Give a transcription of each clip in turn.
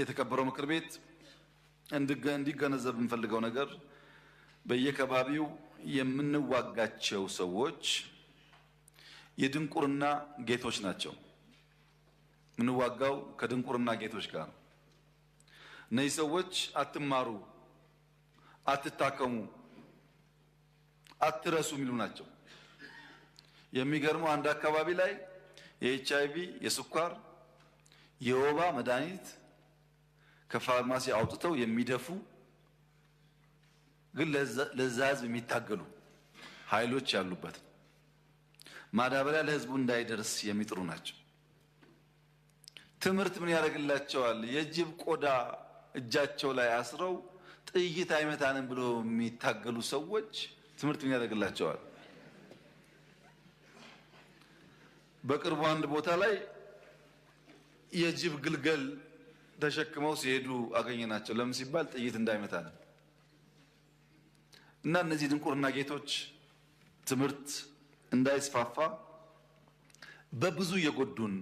የተከበረው ምክር ቤት እንዲገነዘብ የምፈልገው ነገር በየከባቢው የምንዋጋቸው ሰዎች የድንቁርና ጌቶች ናቸው። የምንዋጋው ከድንቁርና ጌቶች ጋር ነው። እነዚህ ሰዎች አትማሩ፣ አትታከሙ፣ አትረሱ የሚሉ ናቸው። የሚገርመው አንድ አካባቢ ላይ የኤች አይ ቪ የስኳር የወባ መድኃኒት ከፋርማሲ አውጥተው የሚደፉ ግን ለዛ ህዝብ የሚታገሉ ኃይሎች ያሉበት ማዳበሪያ ለህዝቡ እንዳይደርስ የሚጥሩ ናቸው። ትምህርት ምን ያደርግላቸዋል? የጅብ ቆዳ እጃቸው ላይ አስረው ጥይት አይመታንም ብሎ የሚታገሉ ሰዎች ትምህርት ምን ያደርግላቸዋል? በቅርቡ አንድ ቦታ ላይ የጅብ ግልገል ተሸክመው ሲሄዱ አገኘናቸው። ለምን ሲባል ጥይት እንዳይመታ ነው። እና እነዚህ ድንቁርና ጌቶች ትምህርት እንዳይስፋፋ በብዙ እየጎዱን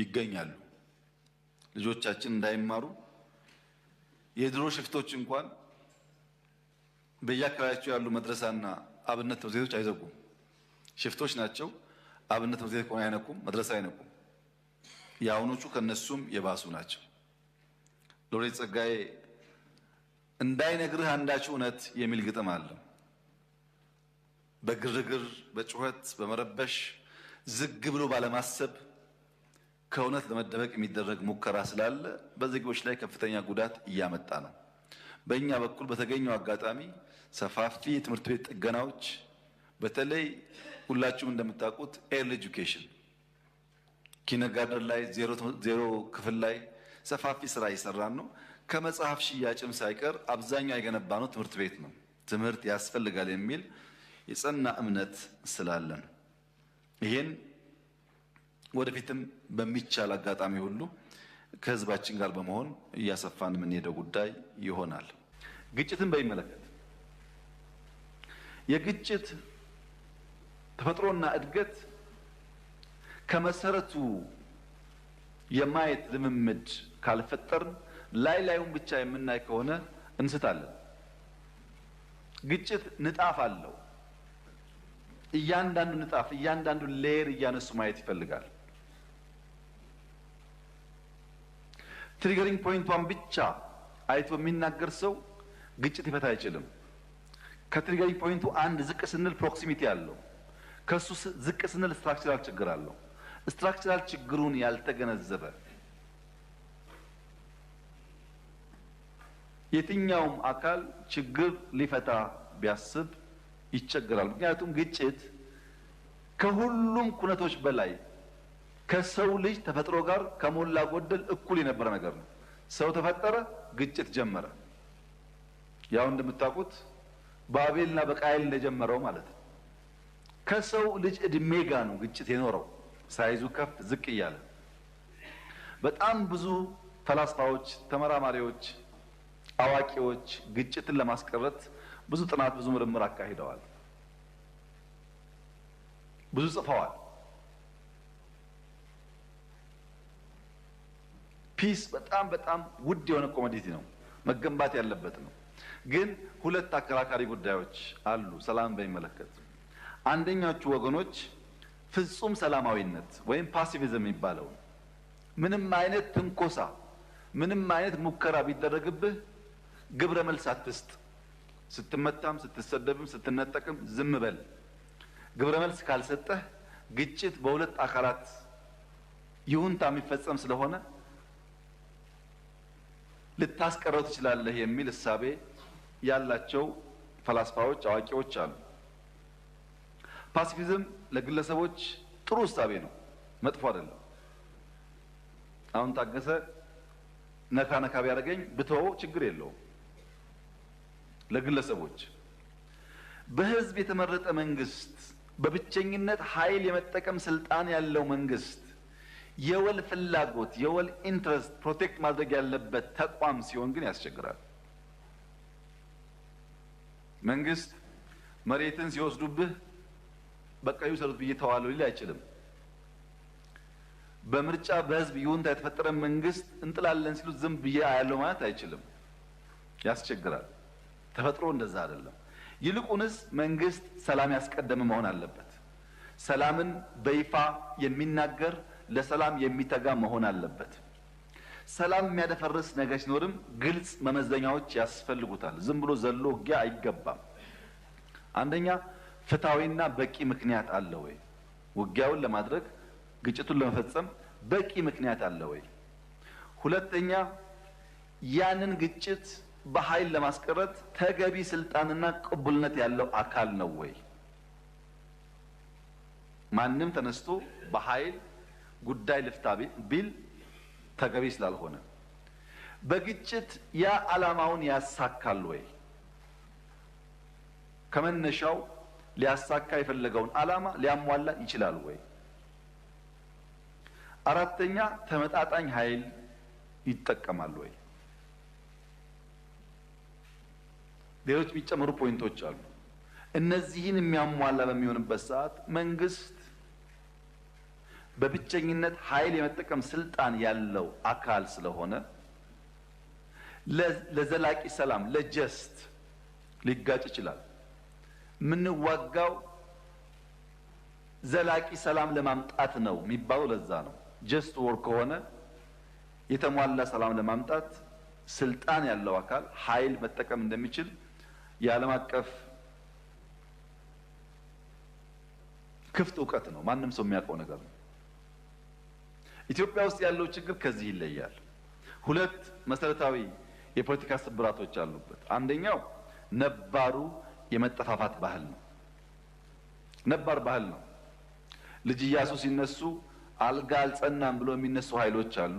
ይገኛሉ። ልጆቻችን እንዳይማሩ የድሮ ሽፍቶች እንኳን በየአካባቢያቸው ያሉ መድረሳና አብነት ትምህርት ቤቶች አይዘጉም። ሽፍቶች ናቸው። አብነት ትምህርት ቤት ከሆነ አይነኩም፣ መድረሳ አይነኩም። የአሁኖቹ ከነሱም የባሱ ናቸው። ሎሬት ጸጋዬ እንዳይነግርህ አንዳች እውነት የሚል ግጥም አለ። በግርግር በጩኸት በመረበሽ ዝግ ብሎ ባለማሰብ ከእውነት ለመደበቅ የሚደረግ ሙከራ ስላለ በዜጎች ላይ ከፍተኛ ጉዳት እያመጣ ነው። በእኛ በኩል በተገኘው አጋጣሚ ሰፋፊ የትምህርት ቤት ጥገናዎች፣ በተለይ ሁላችሁም እንደምታውቁት ኤርሊ ኤጁኬሽን ኪነጋደር ላይ ዜሮ ክፍል ላይ ሰፋፊ ስራ እየሰራን ነው። ከመጽሐፍ ሽያጭም ሳይቀር አብዛኛው የገነባ ነው ትምህርት ቤት ነው። ትምህርት ያስፈልጋል የሚል የጸና እምነት ስላለን ይህን ወደፊትም በሚቻል አጋጣሚ ሁሉ ከህዝባችን ጋር በመሆን እያሰፋን የምንሄደው ጉዳይ ይሆናል። ግጭትን በሚመለከት የግጭት ተፈጥሮና እድገት ከመሰረቱ የማየት ልምምድ ካልፈጠርን ላይ ላዩን ብቻ የምናይ ከሆነ እንስታለን። ግጭት ንጣፍ አለው። እያንዳንዱ ንጣፍ እያንዳንዱ ሌየር እያነሱ ማየት ይፈልጋል። ትሪገሪንግ ፖይንቷን ብቻ አይቶ የሚናገር ሰው ግጭት ይፈታ አይችልም። ከትሪገሪንግ ፖይንቱ አንድ ዝቅ ስንል ፕሮክሲሚቲ አለው። ከሱ ዝቅ ስንል ስትራክቸራል ችግር አለው። ስትራክቸራል ችግሩን ያልተገነዘበ የትኛውም አካል ችግር ሊፈታ ቢያስብ ይቸገራል። ምክንያቱም ግጭት ከሁሉም ኩነቶች በላይ ከሰው ልጅ ተፈጥሮ ጋር ከሞላ ጎደል እኩል የነበረ ነገር ነው። ሰው ተፈጠረ፣ ግጭት ጀመረ። ያው እንደምታውቁት በአቤልና በቃየል እንደጀመረው ማለት ነው። ከሰው ልጅ እድሜ ጋር ነው ግጭት የኖረው። ሳይዙ ከፍ ዝቅ እያለ በጣም ብዙ ፈላስፋዎች፣ ተመራማሪዎች፣ አዋቂዎች ግጭትን ለማስቀረት ብዙ ጥናት፣ ብዙ ምርምር አካሂደዋል። ብዙ ጽፈዋል። ፒስ በጣም በጣም ውድ የሆነ ኮሞዲቲ ነው፣ መገንባት ያለበት ነው። ግን ሁለት አከራካሪ ጉዳዮች አሉ ሰላምን በሚመለከት አንደኛዎቹ ወገኖች ፍጹም ሰላማዊነት ወይም ፓሲቪዝም የሚባለው ምንም አይነት ትንኮሳ፣ ምንም አይነት ሙከራ ቢደረግብህ ግብረ መልስ አትስጥ። ስትመታም፣ ስትሰደብም፣ ስትነጠቅም ዝም በል። ግብረ መልስ ካልሰጠህ ግጭት በሁለት አካላት ይሁንታ የሚፈጸም ስለሆነ ልታስቀረው ትችላለህ የሚል እሳቤ ያላቸው ፈላስፋዎች፣ አዋቂዎች አሉ። ፓሲፊዝም ለግለሰቦች ጥሩ እሳቤ ነው፣ መጥፎ አይደለም። አሁን ታገሰ ነካ ነካ ቢያደርገኝ ብተወው ችግር የለውም። ለግለሰቦች በህዝብ የተመረጠ መንግስት፣ በብቸኝነት ኃይል የመጠቀም ስልጣን ያለው መንግስት የወል ፍላጎት የወል ኢንትረስት ፕሮቴክት ማድረግ ያለበት ተቋም ሲሆን ግን ያስቸግራል። መንግስት መሬትን ሲወስዱብህ በቃ ይውሰዱት ብዬ ተዋለሁ ሊል አይችልም። በምርጫ በህዝብ ይሁንታ የተፈጠረ መንግስት እንጥላለን ሲሉት ዝም ብዬ አያለው ማለት አይችልም። ያስቸግራል። ተፈጥሮ እንደዛ አይደለም። ይልቁንስ መንግስት ሰላም ያስቀደመ መሆን አለበት። ሰላምን በይፋ የሚናገር ለሰላም የሚተጋ መሆን አለበት። ሰላም የሚያደፈርስ ነገር ሲኖርም ግልጽ መመዘኛዎች ያስፈልጉታል። ዝም ብሎ ዘሎ ውጊያ አይገባም። አንደኛ ፍትሐዊና በቂ ምክንያት አለ ወይ? ውጊያውን ለማድረግ ግጭቱን ለመፈጸም በቂ ምክንያት አለ ወይ? ሁለተኛ ያንን ግጭት በኃይል ለማስቀረት ተገቢ ስልጣንና ቅቡልነት ያለው አካል ነው ወይ? ማንም ተነስቶ በኃይል ጉዳይ ልፍታ ቢል ተገቢ ስላልሆነ በግጭት ያ ዓላማውን ያሳካል ወይ? ከመነሻው ሊያሳካ የፈለገውን ዓላማ ሊያሟላ ይችላል ወይ? አራተኛ ተመጣጣኝ ኃይል ይጠቀማል ወይ? ሌሎች የሚጨምሩ ፖይንቶች አሉ። እነዚህን የሚያሟላ በሚሆንበት ሰዓት መንግስት በብቸኝነት ኃይል የመጠቀም ስልጣን ያለው አካል ስለሆነ ለዘላቂ ሰላም ለጀስት ሊጋጭ ይችላል። የምንዋጋው ዘላቂ ሰላም ለማምጣት ነው የሚባሉ ለዛ ነው። ጀስት ወር ከሆነ የተሟላ ሰላም ለማምጣት ስልጣን ያለው አካል ኃይል መጠቀም እንደሚችል የዓለም አቀፍ ክፍት እውቀት ነው። ማንም ሰው የሚያውቀው ነገር ነው። ኢትዮጵያ ውስጥ ያለው ችግር ከዚህ ይለያል። ሁለት መሰረታዊ የፖለቲካ ስብራቶች አሉበት። አንደኛው ነባሩ የመጠፋፋት ባህል ነው፣ ነባር ባህል ነው። ልጅ ኢያሱ ሲነሱ አልጋ አልጸናም ብሎ የሚነሱ ኃይሎች አሉ።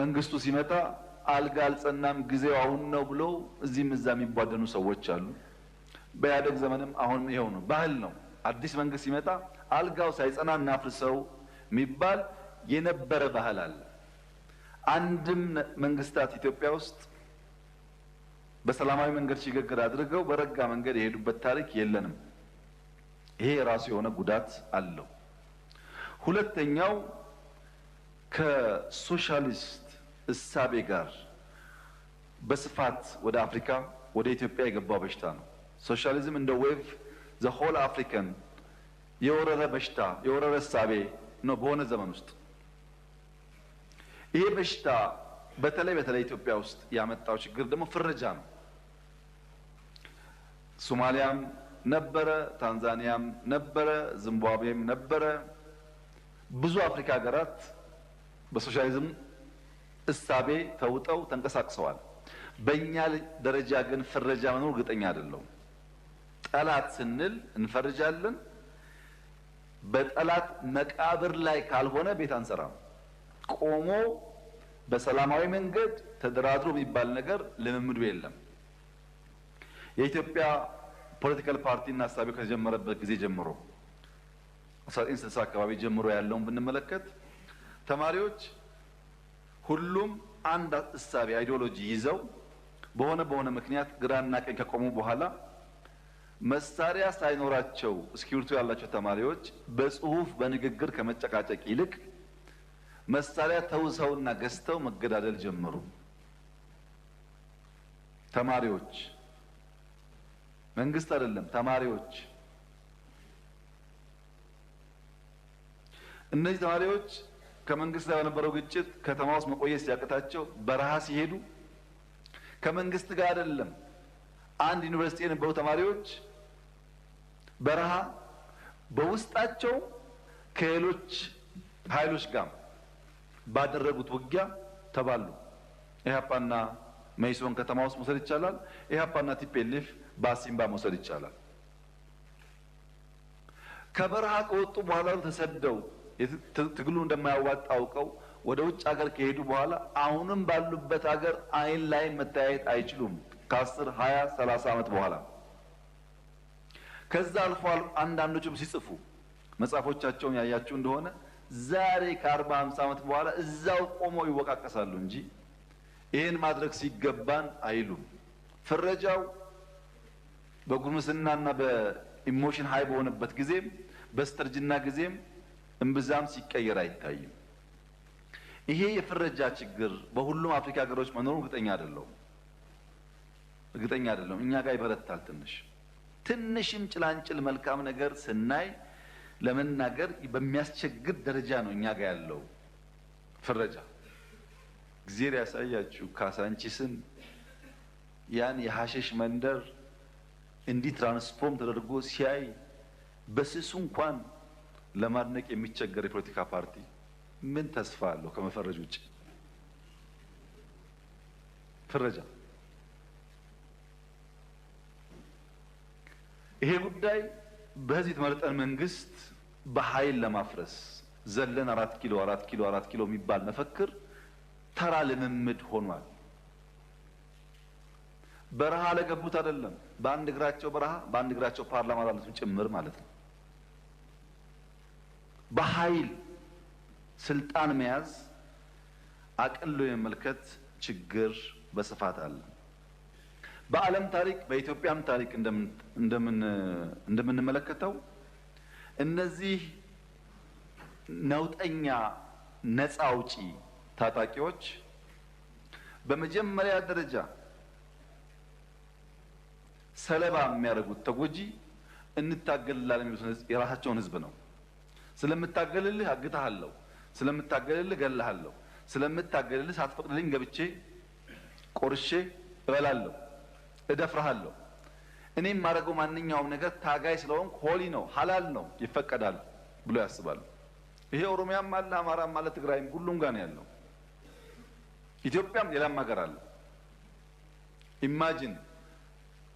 መንግስቱ ሲመጣ አልጋ አልጸናም ጊዜው አሁን ነው ብሎ እዚህም እዛ የሚቧደኑ ሰዎች አሉ። በኢህአደግ ዘመንም አሁን ይኸው ነው፣ ባህል ነው። አዲስ መንግስት ሲመጣ አልጋው ሳይጸና እናፍርሰው የሚባል የነበረ ባህል አለ። አንድም መንግስታት ኢትዮጵያ ውስጥ በሰላማዊ መንገድ ሽግግር አድርገው በረጋ መንገድ የሄዱበት ታሪክ የለንም። ይሄ የራሱ የሆነ ጉዳት አለው። ሁለተኛው ከሶሻሊስት እሳቤ ጋር በስፋት ወደ አፍሪካ ወደ ኢትዮጵያ የገባው በሽታ ነው። ሶሻሊዝም እንደ ዌቭ ዘ ሆል አፍሪካን የወረረ በሽታ የወረረ እሳቤ ነው በሆነ ዘመን ውስጥ ይሄ በሽታ በተለይ በተለይ ኢትዮጵያ ውስጥ ያመጣው ችግር ደግሞ ፍረጃ ነው። ሶማሊያም ነበረ፣ ታንዛኒያም ነበረ፣ ዚምባብዌም ነበረ። ብዙ አፍሪካ ሀገራት በሶሻሊዝም እሳቤ ተውጠው ተንቀሳቅሰዋል። በእኛ ደረጃ ግን ፍረጃ መኖር እርግጠኛ አይደለሁም። ጠላት ስንል እንፈርጃለን። በጠላት መቃብር ላይ ካልሆነ ቤት አንሰራም። ቆሞ በሰላማዊ መንገድ ተደራድሮ የሚባል ነገር ልምምዱ የለም። የኢትዮጵያ ፖለቲካል ፓርቲና ሀሳቢ ከተጀመረበት ጊዜ ጀምሮ 1960 አካባቢ ጀምሮ ያለውን ብንመለከት ተማሪዎች ሁሉም አንድ እሳቤ አይዲዮሎጂ ይዘው በሆነ በሆነ ምክንያት ግራና ቀኝ ከቆሙ በኋላ መሳሪያ ሳይኖራቸው እስክሪብቶ ያላቸው ተማሪዎች በጽሁፍ በንግግር ከመጨቃጨቅ ይልቅ መሳሪያ ተውሰውና ገዝተው መገዳደል ጀመሩ። ተማሪዎች መንግስት አይደለም ተማሪዎች። እነዚህ ተማሪዎች ከመንግስት ጋር በነበረው ግጭት ከተማ ውስጥ መቆየት ሲያቅታቸው በረሃ ሲሄዱ ከመንግስት ጋር አይደለም አንድ ዩኒቨርሲቲ የነበሩ ተማሪዎች በረሃ በውስጣቸው ከሌሎች ኃይሎች ጋር ባደረጉት ውጊያ ተባሉ። ኢህአፓና መይሶን ከተማ ውስጥ መውሰድ ይቻላል። ኢህአፓና ቲፔሌፍ በአሲምባ መውሰድ ይቻላል። ከበረሃ ከወጡ በኋላ ተሰደው ትግሉ እንደማያዋጣ አውቀው ወደ ውጭ ሀገር ከሄዱ በኋላ አሁንም ባሉበት ሀገር አይን ላይ መተያየት አይችሉም። ከአስር ሀያ ሰላሳ ዓመት በኋላ ከዛ አልፎ አንዳንዶቹም ሲጽፉ መጽሐፎቻቸውን ያያችሁ እንደሆነ ዛሬ ከአርባ ሃምሳ ዓመት በኋላ እዛው ቆመው ይወቃቀሳሉ እንጂ ይህን ማድረግ ሲገባን አይሉም። ፍረጃው በጉርምስናና በኢሞሽን ሀይ በሆነበት ጊዜም በስተርጅና ጊዜም እምብዛም ሲቀየር አይታይም። ይሄ የፍረጃ ችግር በሁሉም አፍሪካ ሀገሮች መኖሩ እርግጠኛ አይደለሁም እርግጠኛ አይደለሁም። እኛ ጋር ይበረታል። ትንሽ ትንሽም ጭላንጭል መልካም ነገር ስናይ ለመናገር በሚያስቸግር ደረጃ ነው እኛ ጋር ያለው ፍረጃ። እግዜር ያሳያችሁ ካሳንቺስን ያን የሐሸሽ መንደር እንዲህ ትራንስፎርም ተደርጎ ሲያይ በስሱ እንኳን ለማድነቅ የሚቸገር የፖለቲካ ፓርቲ ምን ተስፋ አለው ከመፈረጅ ውጭ? ፍረጃ። ይሄ ጉዳይ በህዝብ የተመረጠን መንግስት በኃይል ለማፍረስ ዘለን አራት ኪሎ አራት ኪሎ አራት ኪሎ የሚባል መፈክር ተራ ልምምድ ሆኗል። በረሃ ለገቡት አይደለም፣ በአንድ እግራቸው በረሃ በአንድ እግራቸው ፓርላማ ላለቱም ጭምር ማለት ነው። በኃይል ስልጣን መያዝ አቅሎ የመመልከት ችግር በስፋት አለ። በዓለም ታሪክ በኢትዮጵያም ታሪክ እንደምንመለከተው እነዚህ ነውጠኛ ነፃ አውጪ ታጣቂዎች በመጀመሪያ ደረጃ ሰለባ የሚያደርጉት ተጎጂ እንታገልላለን የሚሉት የራሳቸውን ህዝብ ነው። ስለምታገልልህ አግታሃለሁ፣ ስለምታገልልህ ገላሃለሁ፣ ስለምታገልልህ ሳትፈቅድልኝ ገብቼ ቆርሼ እበላለሁ፣ እደፍረሃለሁ። እኔም ማድረገው ማንኛውም ነገር ታጋይ ስለሆንኩ ሆሊ ነው፣ ሀላል ነው፣ ይፈቀዳል ብሎ ያስባሉ። ይሄ ኦሮሚያም አለ፣ አማራም አለ፣ ትግራይም ሁሉም ጋር ነው ያለው። ኢትዮጵያም ሌላም ሀገር አለ። ኢማጂን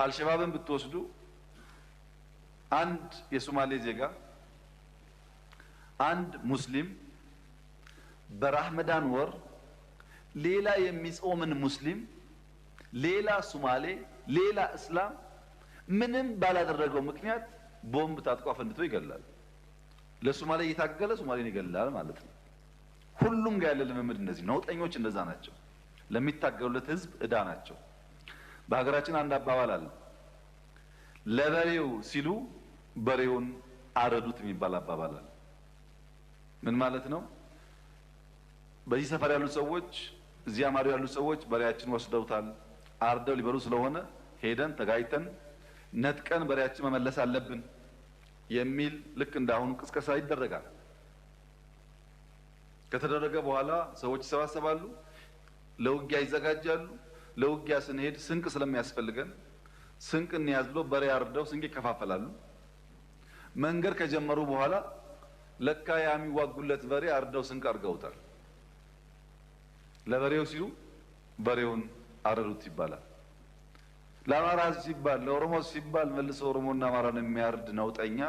አልሸባብን ብትወስዱ አንድ የሶማሌ ዜጋ አንድ ሙስሊም በራህመዳን ወር ሌላ የሚጾምን ሙስሊም ሌላ ሱማሌ ሌላ እስላም ምንም ባላደረገው ምክንያት ቦምብ ታጥቆ አፈንድቶ ይገላል። ለሱማሌ እየታገለ ሱማሌን ይገላል ማለት ነው። ሁሉም ጋር ያለ ልምምድ እንደዚህ ነውጠኞች እንደዛ ናቸው። ለሚታገሉለት ህዝብ እዳ ናቸው። በሀገራችን አንድ አባባል አለ። ለበሬው ሲሉ በሬውን አረዱት የሚባል አባባል አለ። ምን ማለት ነው? በዚህ ሰፈር ያሉ ሰዎች፣ እዚህ አማሪ ያሉ ሰዎች በሬያችን ወስደውታል፣ አርደው ሊበሉ ስለሆነ ሄደን ተጋይተን ነጥቀን በሬያችን መመለስ አለብን የሚል ልክ እንዳሁኑ ቅስቀሳ ይደረጋል። ከተደረገ በኋላ ሰዎች ይሰባሰባሉ፣ ለውጊያ ይዘጋጃሉ። ለውጊያ ስንሄድ ስንቅ ስለሚያስፈልገን ስንቅ እንያዝ ብሎ በሬ አርደው ስንቅ ይከፋፈላሉ። መንገድ ከጀመሩ በኋላ ለካ ያ የሚዋጉለት በሬ አርደው ስንቅ አድርገውታል። ለበሬው ሲሉ በሬውን አረዱት ይባላል። ለአማራ ሕዝብ ሲባል ለኦሮሞ ሲባል መልሶ ኦሮሞና አማራን የሚያርድ ነውጠኛ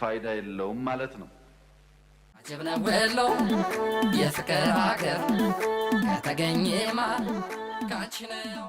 ፋይዳ የለውም ማለት ነው። ጅብነ ወሎ የፍቅር አገር ከተገኘማ ካችነው